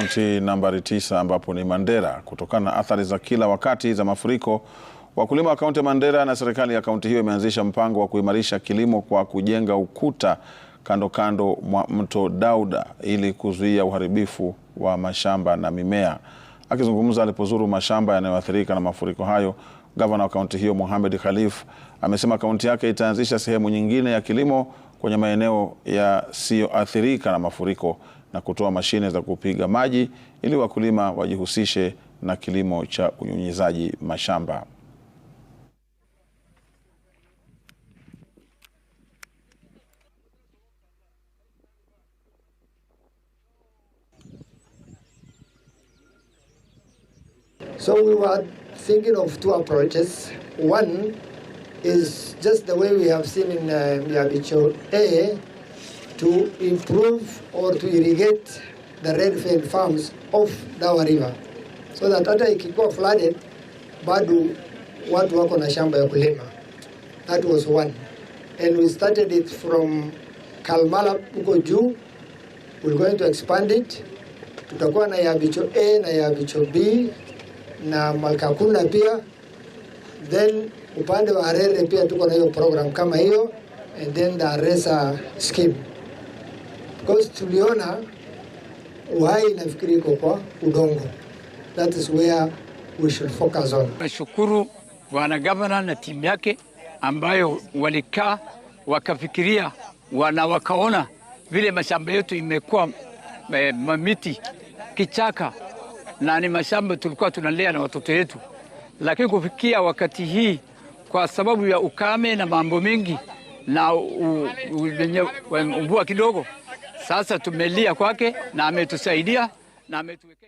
kaunti nambari tisa ambapo ni Mandera. Kutokana na athari za kila wakati za mafuriko, wakulima wa kaunti ya Mandera na serikali ya kaunti hiyo imeanzisha mpango wa kuimarisha kilimo kwa kujenga ukuta kando kando mwa mto Dauda ili kuzuia uharibifu wa mashamba na mimea. Akizungumza alipozuru mashamba yanayoathirika na mafuriko hayo, gavana wa kaunti hiyo Mohamed Khalif amesema kaunti yake itaanzisha sehemu nyingine ya kilimo kwenye maeneo yasiyoathirika na mafuriko na kutoa mashine za kupiga maji ili wakulima wajihusishe na kilimo cha unyunyizaji mashamba. So we were thinking of two approaches. One is just the way we have seen in uh, Miyabicho. A, to improve or to irrigate the Redfern farms off Dawa River so that hata ikikuwa flooded bado watu wako na shamba ya kulima. That was one. And we started it from Kalmala huko juu. We're going to expand it. Tutakuwa na Yabicho A na Yabicho B na Malkakuna pia. Then upande wa Arere pia tuko na hiyo program kama hiyo and then the Aresa scheme because tuliona uhai nafikiri iko kwa udongo. That is where we should focus on. Nashukuru bwana gavana na timu yake ambayo walikaa wakafikiria wana wakaona vile mashamba yetu imekuwa mamiti kichaka, na ni mashamba tulikuwa tunalea na watoto wetu lakini kufikia wakati hii kwa sababu ya ukame na mambo mengi na mvua kidogo sasa tumelia kwake na ametusaidia na ametuwekea